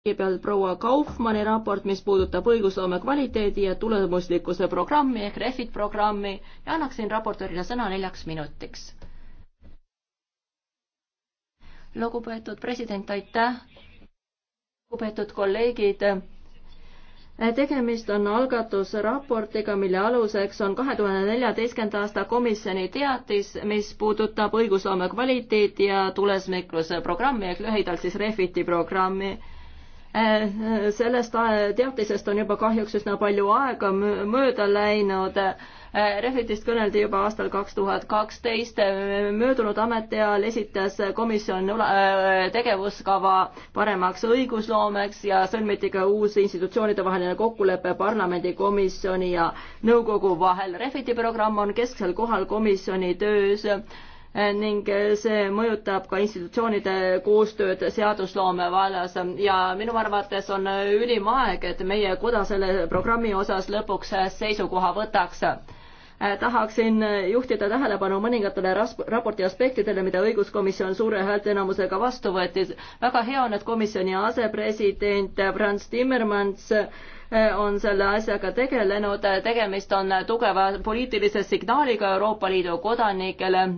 kõigepealt proua Kaufmanni raport, mis puudutab õigusloome kvaliteedi ja tulemuslikkuse programmi ehk REFIT programmi ja annaksin raportöörile sõna neljaks minutiks. lugupeetud president, aitäh. lugupeetud kolleegid tegemist on algatusraportiga, mille aluseks on kahe tuhande neljateistkümnenda aasta komisjoni teatis, mis puudutab õigusloome kvaliteeti ja tulesmikluse programmi ehk lühidalt siis Refiti programmi. Äh, sellest äh, teatisest on juba kahjuks üsna palju aega mööda läinud. Äh, Refitist kõneldi juba aastal kaks tuhat kaksteist. möödunud ametiajal esitas komisjon tegevuskava paremaks õigusloomeks ja sõlmiti ka uus institutsioonide vaheline kokkulepe parlamendikomisjoni ja nõukogu vahel. Refiti programm on kesksel kohal komisjoni töös ning see mõjutab ka institutsioonide koostööd seadusloome vallas ja minu arvates on ülim aeg, et meie koda selle programmi osas lõpuks seisukoha võtaks. tahaksin juhtida tähelepanu mõningatele raporti aspektidele, mida õiguskomisjon suure häälteenamusega vastu võttis. väga hea on, et komisjoni asepresident Franz Timmermans on selle asjaga tegelenud, tegemist on tugeva poliitilise signaaliga Euroopa Liidu kodanikele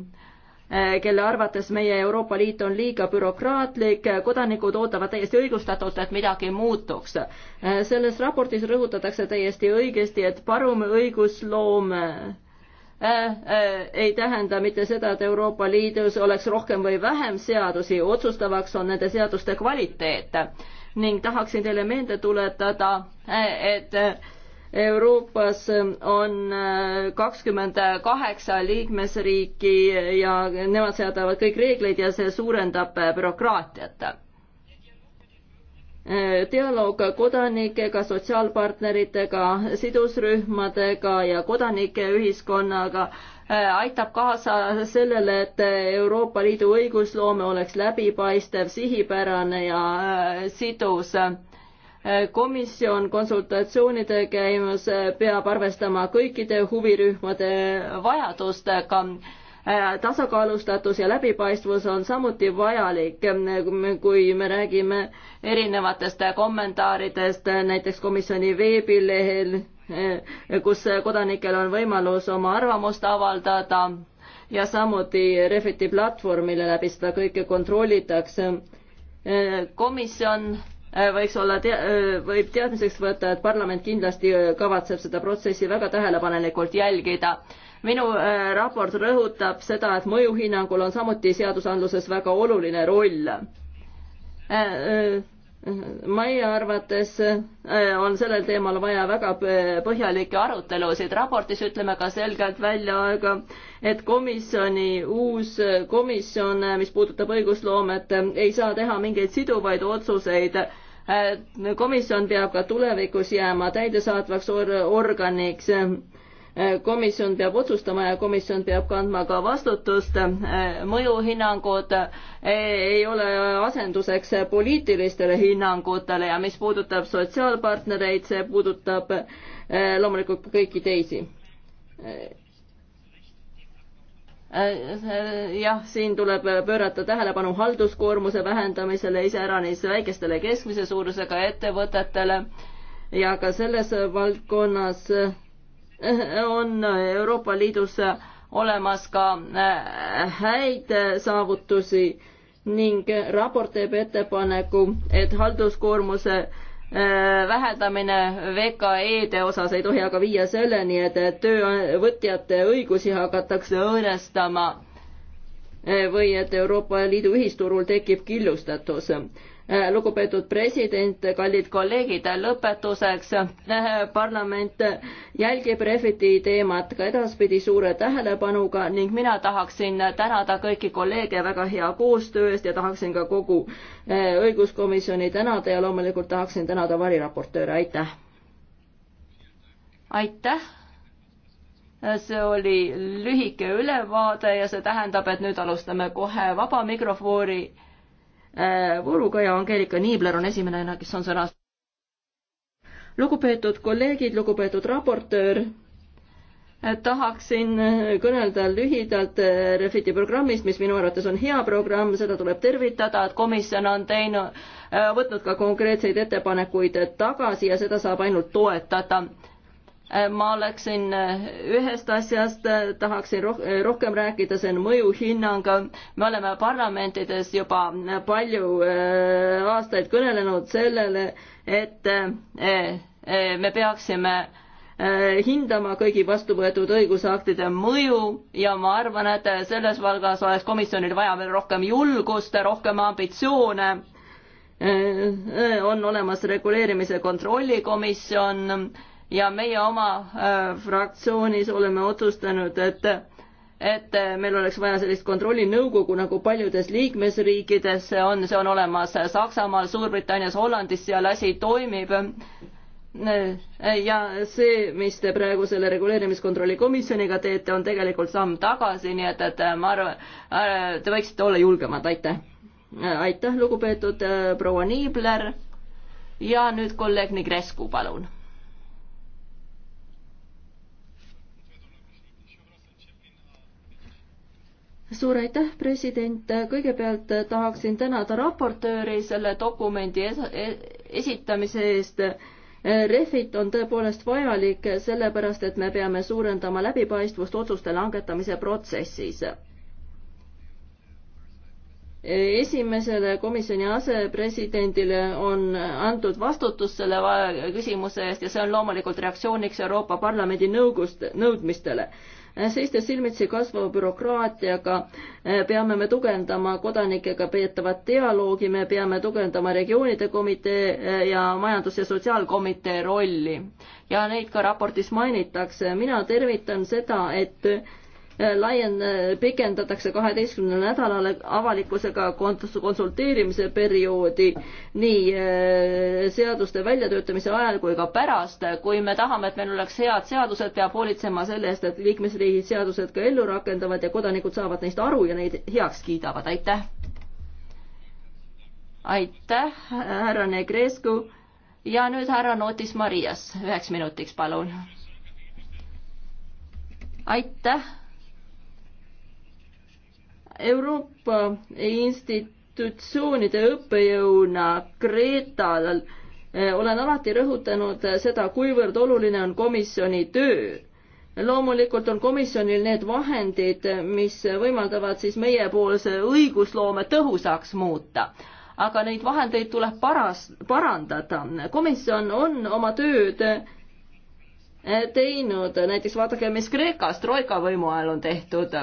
Eh, kelle arvates meie Euroopa Liit on liiga bürokraatlik, kodanikud ootavad täiesti õigustatult, et midagi muutuks. Eh, selles raportis rõhutatakse täiesti õigesti, et parum õigusloome eh, ei tähenda mitte seda, et Euroopa Liidus oleks rohkem või vähem seadusi, otsustavaks on nende seaduste kvaliteet. ning tahaksin teile meelde tuletada, et Euroopas on äh, kakskümmend kaheksa liikmesriiki ja nemad seadavad kõik reegleid ja see suurendab äh, bürokraatiat. Äh, dialoog kodanikega, sotsiaalpartneritega, sidusrühmadega ja kodanike ühiskonnaga aitab kaasa sellele, et Euroopa Liidu õigusloome oleks läbipaistev, sihipärane ja sidus komisjon konsultatsioonide käimas peab arvestama kõikide huvirühmade vajadustega. tasakaalustatus ja läbipaistvus on samuti vajalik, kui me räägime erinevatest kommentaaridest näiteks komisjoni veebilehel, kus kodanikel on võimalus oma arvamust avaldada ja samuti Refiti platvorm, mille läbi seda kõike kontrollitakse. komisjon Äh, võiks olla te, äh, võib teadmiseks võtta, et parlament kindlasti äh, kavatseb seda protsessi väga tähelepanelikult jälgida. minu raport rõhutab seda, et mõjuhinnangul on samuti seadusandluses väga oluline roll meie arvates äh, on sellel teemal vaja väga põhjalikke arutelusid. raportis ütleme ka selgelt välja, aga et komisjoni, uus komisjon, äh, mis puudutab õigusloomet, äh, ei saa teha mingeid siduvaid otsuseid. komisjon peab ka tulevikus jääma täidesaatvaks or organiks Äh, komisjon peab otsustama ja komisjon peab kandma ka vastutust. Äh, mõjuhinnangud äh, ei ole asenduseks poliitilistele hinnangutele ja mis puudutab sotsiaalpartnereid, see puudutab loomulikult kõiki teisi. jah, siin tuleb pöörata tähelepanu halduskoormuse vähendamisele iseäranis väikestele keskmise suurusega ettevõtetele ja ka selles valdkonnas on Euroopa Liidus olemas ka äh, häid saavutusi ning raport teeb ettepaneku, et halduskoormuse äh, vähendamine VKE-de osas ei tohi aga viia selleni, et töövõtjate õigusi hakatakse õõnestama Eh, või et Euroopa Liidu ühisturul tekib killustatus. Eh, lugupeetud president, kallid kolleegid, lõpetuseks eh, parlament jälgib Refiti teemat ka edaspidi suure tähelepanuga ning mina tahaksin tänada kõiki kolleege väga hea koostöö eest ja tahaksin ka kogu õiguskomisjoni tänada ja loomulikult tahaksin tänada variraportööre, aitäh! aitäh! see oli lühike ülevaade ja see tähendab, et nüüd alustame kohe vaba mikrofoni äh, vooruga ja Angeelika Niibler on esimene, kes on sõna. lugupeetud kolleegid, lugupeetud raportöör, äh, tahaksin äh, kõnelda lühidalt Refiti programmist, mis minu arvates on hea programm, seda tuleb tervitada, et komisjon on teinud, võtnud ka konkreetseid ettepanekuid tagasi ja seda saab ainult toetada Äh, ma oleksin äh, ühest asjast, äh, tahaksin roh rohkem rääkida, see on mõjuhinnang. me oleme parlamentides juba palju aastaid kõnelenud sellele, et me peaksime hindama kõigi vastu võetud õigusaktide mõju ja ma arvan, et selles valgas oleks komisjonil vaja veel rohkem julgust, rohkem ambitsioone on olemas reguleerimise kontrollikomisjon ja meie oma äh, fraktsioonis oleme otsustanud, et et meil oleks vaja sellist kontrollinõukogu nagu paljudes liikmesriikides on, see on olemas Saksamaal, Suurbritannias, Hollandis, seal asi toimib. ja see, mis te praegu selle reguleerimiskontrolli komisjoniga teete, on tegelikult samm tagasi, nii et, et ma arvan, äh, te võiksite olla julgemad, aitäh. aitäh, lugupeetud äh, proua Niibler. ja nüüd kolleeg Nigrescu, palun suur aitäh, president, kõigepealt tahaksin tänada raportööri selle dokumendi e-, esitamise eest. Refit on tõepoolest vajalik, sellepärast et me peame suurendama läbipaistvust otsuste langetamise protsessis esimesele komisjoni asepresidendile on antud vastutus selle küsimuse eest ja see on loomulikult reaktsiooniks Euroopa Parlamendi nõugust, nõudmistele. Äh, seistes silmitsi kasvava bürokraatiaga äh, peame me tugevdama kodanikega peetavat dialoogi, me peame tugevdama regioonide komitee äh, ja majandus- ja sotsiaalkomitee rolli. ja neid ka raportis mainitakse. mina tervitan seda, et laien-, äh, pikendatakse kaheteistkümnele nädalale avalikkusega konsulteerimise perioodi nii äh, seaduste väljatöötamise ajal kui ka pärast. kui me tahame, et meil oleks head seadused, peab hoolitsema selle eest, et liikmesriigid seadused ka ellu rakendavad ja kodanikud saavad neist aru ja neid heaks kiidavad. aitäh! aitäh, härra Negrescu ja nüüd härra Notis Marias üheks minutiks, palun. aitäh Euroopa institutsioonide õppejõuna Kreetal eh, olen alati rõhutanud seda, kuivõrd oluline on komisjoni töö. loomulikult on komisjonil need vahendid, mis võimaldavad siis meiepoolse õigusloome tõhusaks muuta, aga neid vahendeid tuleb paras, parandada. komisjon on oma tööd eh, teinud, näiteks vaadake, mis Kreekas troika võimu ajal on tehtud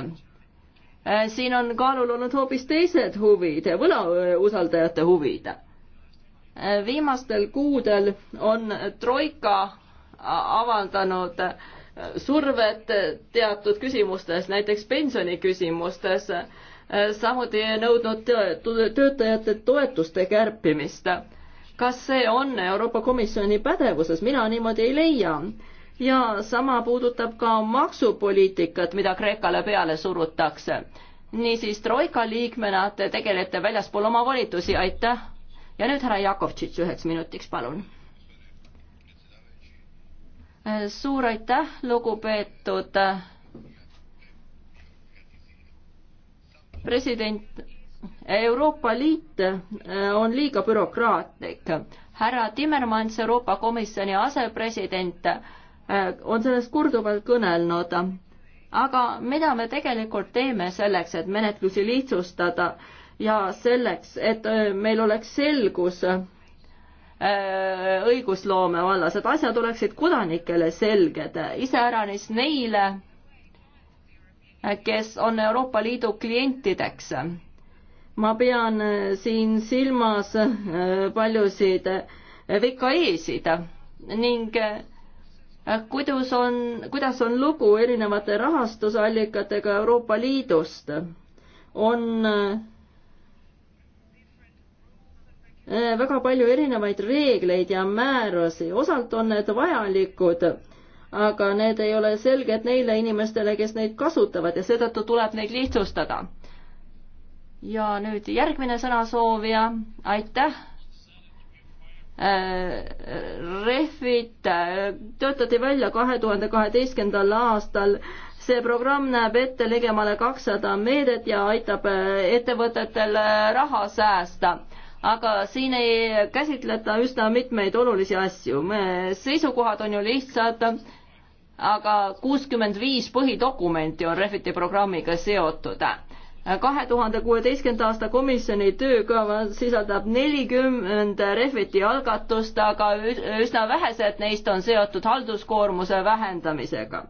Äh, siin on kaalul olnud hoopis teised huvid, võlausaldajate huvid. Äh, viimastel kuudel on Troika avaldanud äh, survet teatud küsimustes, näiteks pensioniküsimustes, samuti nõudnud töötajate toetuste kärpimist. kas see on Euroopa Komisjoni pädevuses, mina niimoodi ei leia ja sama puudutab ka maksupoliitikat, mida Kreekale peale surutakse. niisiis, Troika liikmena te tegelete väljaspool oma volitusi, aitäh. ja nüüd härra Jakovtšitš üheks minutiks, palun. suur aitäh, lugupeetud president. Euroopa Liit äh, on liiga bürokraatlik. härra Timmermans, Euroopa Komisjoni asepresident Äh, on sellest korduvalt kõnelnud. aga mida me tegelikult teeme selleks, et menetlusi lihtsustada ja selleks, et äh, meil oleks selgus äh, õigusloome vallas, et asjad oleksid kodanikele selged, iseäranis neile, kes on Euroopa Liidu klientideks. ma pean siin silmas paljusid VKE-sid ning Äh, kuidas on, kuidas on lugu erinevate rahastusallikatega Euroopa Liidust? on äh, äh, väga palju erinevaid reegleid ja määrusi, osalt on need vajalikud, aga need ei ole selged neile inimestele, kes neid kasutavad ja seetõttu tuleb neid lihtsustada. ja nüüd järgmine sõnasoovija, aitäh rehvid töötati välja kahe tuhande kaheteistkümnendal aastal. see programm näeb ette ligemale kakssada meedet ja aitab ettevõtetel raha säästa aga siin ei käsitleta üsna mitmeid olulisi asju. seisukohad on ju lihtsad, aga kuuskümmend viis põhidokumenti on Refiti programmiga seotud kahe tuhande kuueteistkümnenda aasta komisjoni töökava sisaldab nelikümmend Refiti algatust, aga üsna vähesed neist on seotud halduskoormuse vähendamisega.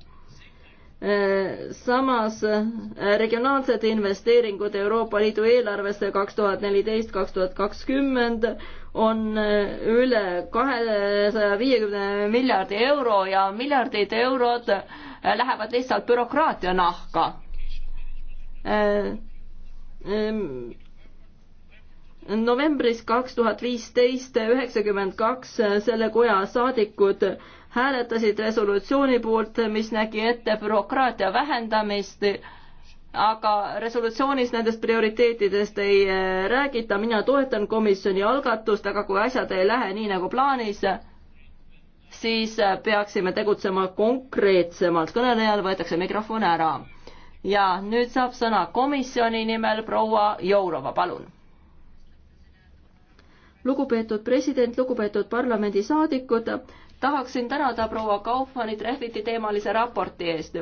samas regionaalsed investeeringud Euroopa Liidu eelarvesse kaks tuhat neliteist, kaks tuhat kakskümmend on üle kahesaja viiekümne miljardi euro ja miljardid eurod lähevad lihtsalt bürokraatia nahka novembris kaks tuhat viisteist üheksakümmend kaks äh, selle koja saadikud hääletasid resolutsiooni poolt, mis nägi ette bürokraatia vähendamist, aga resolutsioonis nendest prioriteetidest ei äh, räägita, mina toetan komisjoni algatust, aga kui asjad ei lähe nii nagu plaanis, siis äh, peaksime tegutsema konkreetsemalt, kõnelejal võetakse mikrofon ära ja nüüd saab sõna komisjoni nimel proua Jourova, palun. lugupeetud president, lugupeetud parlamendisaadikud, tahaksin tänada proua Kaufmanit rehviti teemalise raporti eest.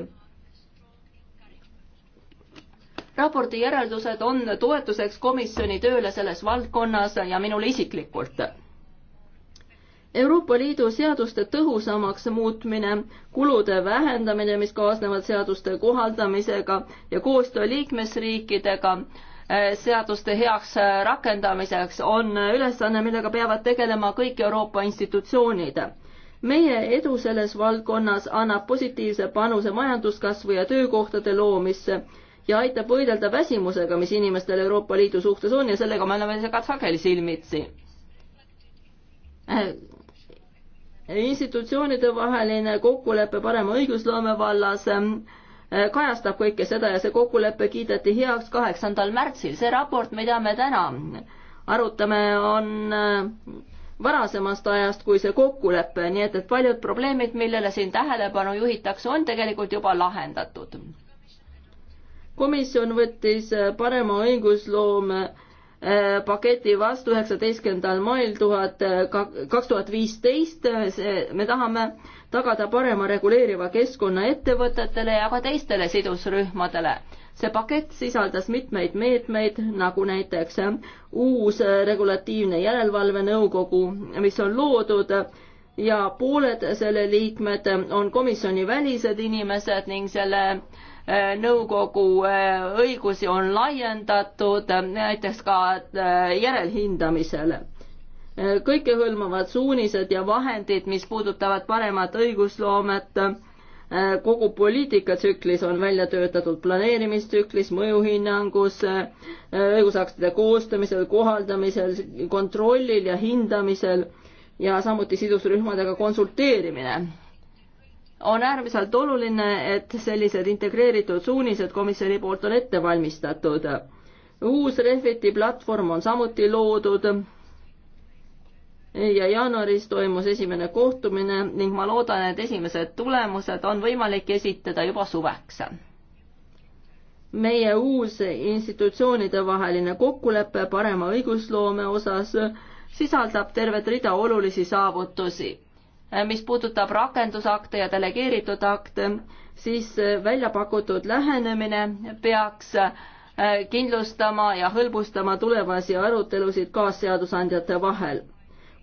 raporti järeldused on toetuseks komisjoni tööle selles valdkonnas ja minule isiklikult Euroopa Liidu seaduste tõhusamaks muutmine, kulude vähendamine, mis kaasnevad seaduste kohaldamisega ja koostöö liikmesriikidega eh, seaduste heaks eh, rakendamiseks on ülesanne, millega peavad tegelema kõik Euroopa institutsioonid. meie edu selles valdkonnas annab positiivse panuse majanduskasvu ja töökohtade loomisse ja aitab võidelda väsimusega, mis inimestel Euroopa Liidu suhtes on ja sellega me oleme sageli silmitsi eh, institutsioonide vaheline kokkulepe parema õigusloome vallas ähm, äh, kajastab kõike seda ja see kokkulepe kiideti heaks kaheksandal märtsil. see raport, mida me täna arutame, on äh, varasemast ajast kui see kokkulepe, nii et, et paljud probleemid, millele siin tähelepanu juhitakse, on tegelikult juba lahendatud. komisjon võttis äh, parema õigusloome Äh, paketi vastu üheksateistkümnendal mail tuhat, äh, kaks tuhat viisteist, me tahame tagada parema reguleeriva keskkonna ettevõtetele ja ka teistele sidusrühmadele. see pakett sisaldas mitmeid meetmeid, nagu näiteks äh, uus regulatiivne järelevalvenõukogu, mis on loodud ja pooled selle liikmed on komisjoni välised inimesed ning selle eh, nõukogu eh, õigusi on laiendatud eh, näiteks ka järelhindamisele. kõikehõlmavad suunised ja vahendid, mis puudutavad paremat õigusloomet, kogu poliitikatsüklis on välja töötatud planeerimistsüklis, mõjuhinnangus, õigusaktide koostamisel, kohaldamisel, kontrollil ja hindamisel ja samuti sidusrühmadega konsulteerimine. on äärmiselt oluline, et sellised integreeritud suunised komisjoni poolt on ette valmistatud. uus Refiti platvorm on samuti loodud ja jaanuaris toimus esimene kohtumine ning ma loodan, et esimesed tulemused on võimalik esitada juba suveks. meie uus institutsioonide vaheline kokkulepe parema õigusloome osas sisaldab tervet rida olulisi saavutusi. Äh, mis puudutab rakendusakte ja delegeeritud akte, siis äh, välja pakutud lähenemine peaks äh, kindlustama ja hõlbustama tulevasi arutelusid kaasseadusandjate vahel.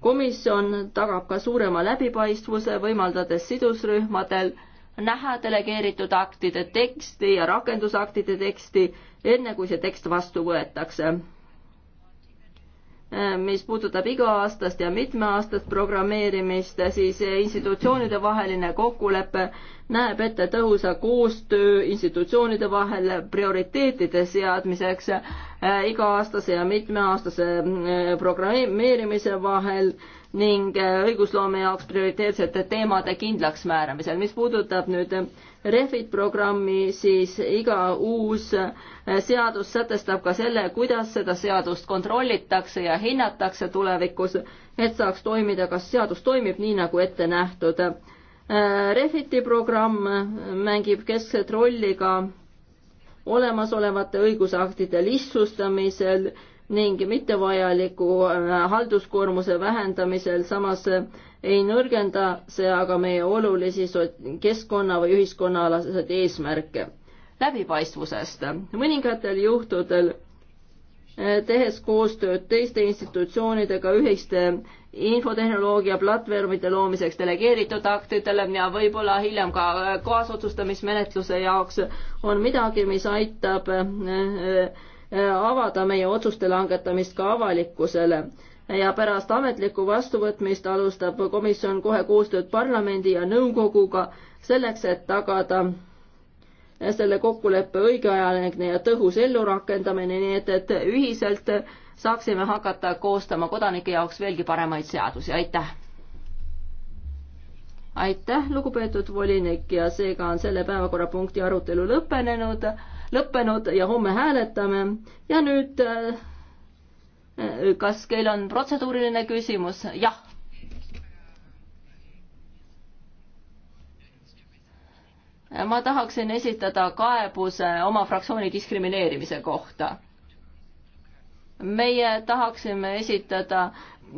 komisjon tagab ka suurema läbipaistvuse, võimaldades sidusrühmadel näha delegeeritud aktide teksti ja rakendusaktide teksti, enne kui see tekst vastu võetakse Äh, mis puudutab iga-aastast ja mitmeaastast programmeerimist, siis institutsioonide vaheline kokkulepe näeb ette tõhusa koostöö institutsioonide vahel prioriteetide seadmiseks äh, iga-aastase ja mitmeaastase äh, programmeerimise vahel ning äh, õigusloome jaoks prioriteetsete teemade kindlaksmääramisel. mis puudutab nüüd äh, Refit programmi, siis iga uus äh, seadus sätestab ka selle, kuidas seda seadust kontrollitakse ja hinnatakse tulevikus, et saaks toimida, kas seadus toimib nii, nagu ette nähtud. Refiti programm mängib keskset rolli ka olemasolevate õigusaktide lihtsustamisel ning mittevajaliku äh, halduskoormuse vähendamisel samas äh, ei nõrgenda see aga meie olulisi keskkonna või ühiskonnaalaseid eesmärke. läbipaistvusest. mõningatel juhtudel äh, tehes koostööd teiste institutsioonidega ühiste infotehnoloogia platvormide loomiseks delegeeritud aktidele ja võib-olla hiljem ka kaasotsustamismenetluse jaoks on midagi, mis aitab äh, avada meie otsuste langetamist ka avalikkusele ja pärast ametlikku vastuvõtmist alustab komisjon kohe koostööd parlamendi ja nõukoguga selleks, et tagada selle kokkuleppe õigeajaline ja tõhus ellurakendamine, nii et, et ühiselt saaksime hakata koostama kodanike jaoks veelgi paremaid seadusi, aitäh! aitäh, lugupeetud volinik ja seega on selle päevakorrapunkti arutelu lõppenud lõppenud ja homme hääletame ja nüüd äh, äh, kas teil on protseduuriline küsimus? jah. ma tahaksin esitada kaebuse oma fraktsiooni diskrimineerimise kohta meie tahaksime esitada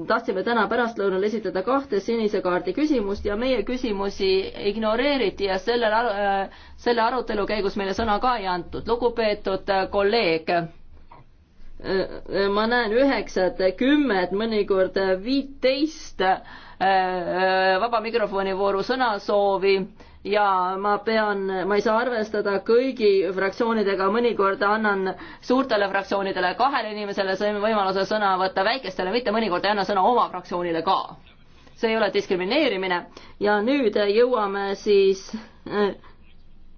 tahtsime täna pärastlõunal esitada kahte sinise kaardi küsimust ja meie küsimusi ignoreeriti ja selle, äh, selle arutelu käigus meile sõna ka ei antud. lugupeetud äh, kolleeg, äh, ma näen üheksat, kümmet, mõnikord viiteist vaba mikrofoni vooru sõnasoovi ja ma pean, ma ei saa arvestada kõigi fraktsioonidega, mõnikord annan suurtele fraktsioonidele, kahele inimesele võimaluse sõna võtta, väikestele mitte, mõnikord ei anna sõna oma fraktsioonile ka. see ei ole diskrimineerimine ja nüüd jõuame siis äh,